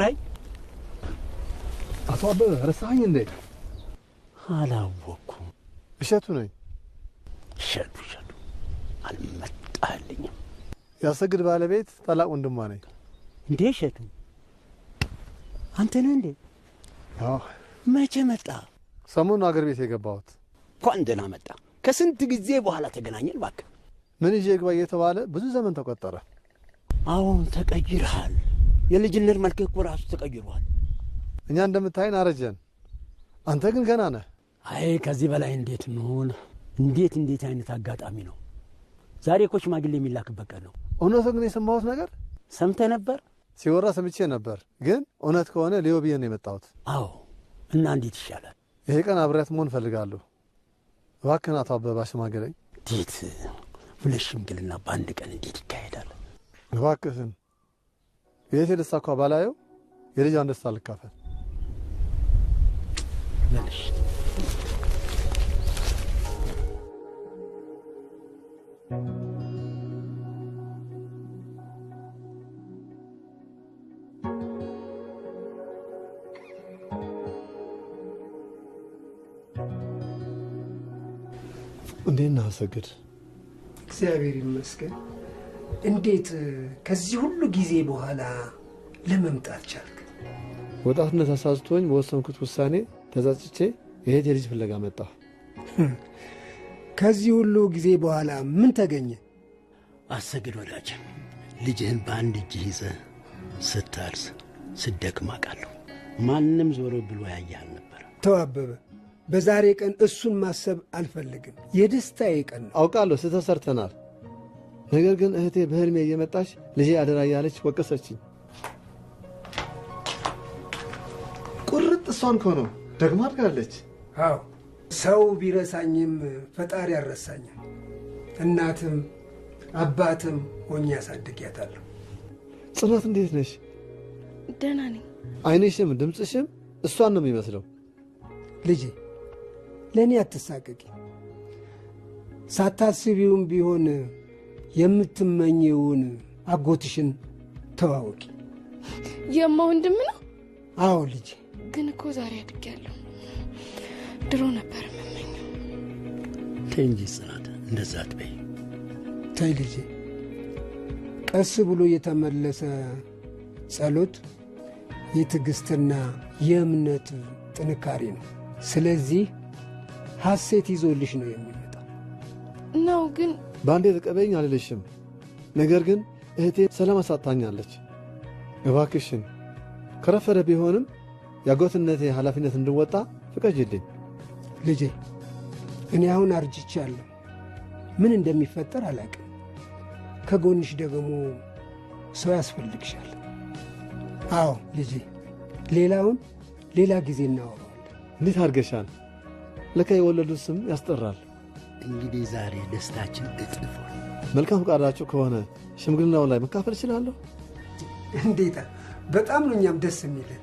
ጠራኝ። አቶ አበበ ረሳኸኝ እንዴ? አላወቅኩም። እሸቱ ነኝ። እሸቱ እሸቱ፣ አልመጣልኝም። ያሰግድ ባለቤት ታላቅ ወንድሟ ነኝ። እንዴ እሸቱ፣ አንተ ነህ እንዴ? መቼ መጣ? ሰሞኑን አገር ቤት የገባሁት። እንኳን ደህና መጣ። ከስንት ጊዜ በኋላ ተገናኘን። እባክህ ምን ይዤ ግባ እየተባለ ብዙ ዘመን ተቆጠረ። አሁን ተቀይርሃል። የልጅነት መልክ እኮ ራሱ ተቀይሯል። እኛ እንደምታይን አረጀን፣ አንተ ግን ገና ነህ። አይ ከዚህ በላይ እንዴት እንሆን? እንዴት እንዴት አይነት አጋጣሚ ነው! ዛሬ እኮ ሽማግሌ የሚላክበት ቀን ነው። እውነቱ ግን የሰማሁት ነገር ሰምተህ ነበር? ሲወራ ሰምቼ ነበር፣ ግን እውነት ከሆነ ሊዮ ብዬ ነው የመጣሁት። አዎ እና እንዴት ይሻላል? ይሄ ቀን አብሬያት መሆን እፈልጋለሁ። እባክህን አቶ አበባ ሽማግለኝ። እንዴት ሁለት ሽምግልና በአንድ ቀን እንዴት ይካሄዳል? እባክህን የቤቴ ደስታ እኳ ባላየው የልጇን ደስታ ልካፈል። እንዴት ነህ አሰግድ? እግዚአብሔር ይመስገን። እንዴት ከዚህ ሁሉ ጊዜ በኋላ ለመምጣት ቻልክ? ወጣትነት አሳዝቶኝ በወሰንኩት ውሳኔ ተጸጽቼ የእህቴ ልጅ ፍለጋ መጣሁ። ከዚህ ሁሉ ጊዜ በኋላ ምን ተገኘ? አሰግድ ወዳጅ፣ ልጅህን በአንድ እጅ ይዘ ስታርስ ስደክም አውቃለሁ። ማንም ዞሮ ብሎ ያየ አልነበረ። ተዋበበ፣ በዛሬ ቀን እሱን ማሰብ አልፈልግም። የደስታዬ ቀን ነው። አውቃለሁ፣ ስተሰርተናል ነገር ግን እህቴ በህልሜ እየመጣች ልጄ አደራ እያለች ወቀሰችኝ። ቁርጥ እሷን ከሆነው ደግሞ አድጋለች። አዎ ሰው ቢረሳኝም ፈጣሪ አልረሳኝም። እናትም አባትም ሆኜ ያሳድጊያታለሁ። ጽናት እንዴት ነሽ? ደህና ነኝ። አይንሽም ድምፅሽም እሷን ነው የሚመስለው። ልጄ ለእኔ አትሳቀቂ። ሳታስቢውም ቢሆን የምትመኘውን አጎትሽን ተዋወቂ። የማ ወንድም ነው? አዎ ልጅ። ግን እኮ ዛሬ አድጌያለሁ። ድሮ ነበር የምመኘው። ተይ እንጂ ጽናት፣ እንደዛ አትበይ። ተይ ልጄ፣ ቀስ ብሎ የተመለሰ ጸሎት የትዕግሥትና የእምነት ጥንካሬ ነው። ስለዚህ ሐሴት ይዞልሽ ነው የሚመጣው ነው ግን በአንዴ ተቀበይኝ አልልሽም። ነገር ግን እህቴ ሰላም አሳጣኛለች። እባክሽን ከረፈረ ቢሆንም የአጎትነቴ ኃላፊነት እንድወጣ ፍቀጅልኝ። ልጄ እኔ አሁን አርጅቻለሁ። ምን እንደሚፈጠር አላቅም። ከጎንሽ ደግሞ ሰው ያስፈልግሻል። አዎ ልጄ፣ ሌላውን ሌላ ጊዜ እናወራዋለን። እንዴት አድርገሻል? ለካ የወለዱት ስም ያስጠራል። እንግዲህ ዛሬ ደስታችን እጥፍ መልካም ፈቃዳችሁ ከሆነ ሽምግልናው ላይ መካፈል እችላለሁ? እንዴታ! በጣም ነው እኛም ደስ የሚለን።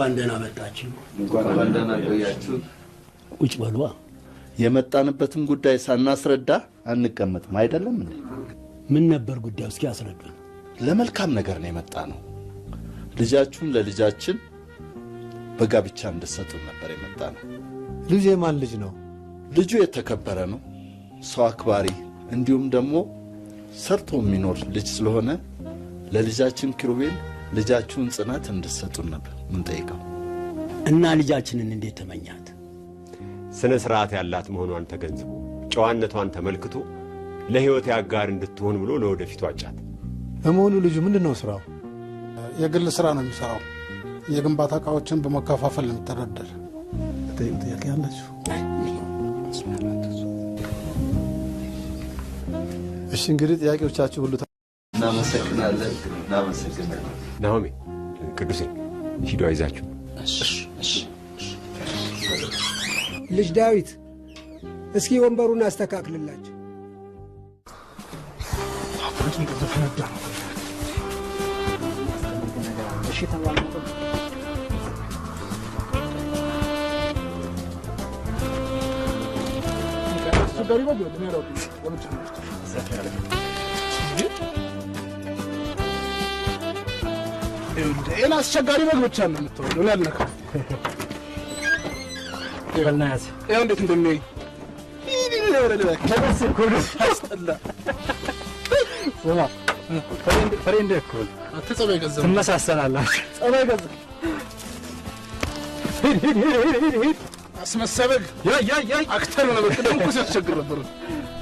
እንኳን ደህና መጣችሁ፣ እንኳን ደህና ቆያችሁ። የመጣንበትን ጉዳይ ሳናስረዳ አንቀመጥም። አይደለም እንዴ? ምን ነበር ጉዳዩ? እስኪ አስረዱን። ለመልካም ነገር ነው የመጣ ነው። ልጃችሁን ለልጃችን በጋብቻ እንድሰጡን ነበር የመጣ ነው። ልጁ የማን ልጅ ነው? ልጁ የተከበረ ነው፣ ሰው አክባሪ፣ እንዲሁም ደግሞ ሰርቶ የሚኖር ልጅ ስለሆነ ለልጃችን ኪሩቤል ልጃችሁን ጽናት እንድትሰጡን ነበር ምንጠይቀው እና ልጃችንን እንዴት ተመኛት? ስነ ስርዓት ያላት መሆኗን ተገንዝቦ ጨዋነቷን ተመልክቶ ለሕይወት አጋር እንድትሆን ብሎ ለወደፊቱ አጫት። ለመሆኑ ልጁ ምንድን ነው ስራው? የግል ስራ ነው የሚሰራው። የግንባታ እቃዎችን በመከፋፈል ነው የሚተዳደር። ጥያቄ አላችሁ? እሺ እንግዲህ ጥያቄዎቻችሁ ሁሉ ናሆሚ ቅዱሴ ሂዶ ይዛችሁ ልጅ ዳዊት እስኪ ወንበሩን አስተካክልላቸው። Garibaldi, ne yapayım? ይሄን አስቸጋሪ በግ ብቻ ነው የምትወደው። እኔ አልነካም። ይበልና ያዝ። ይኸው እንዴት እንደሚያይ አስመሰበግ አክተር ነበር። ደግሞ ሲያስቸግር ነበር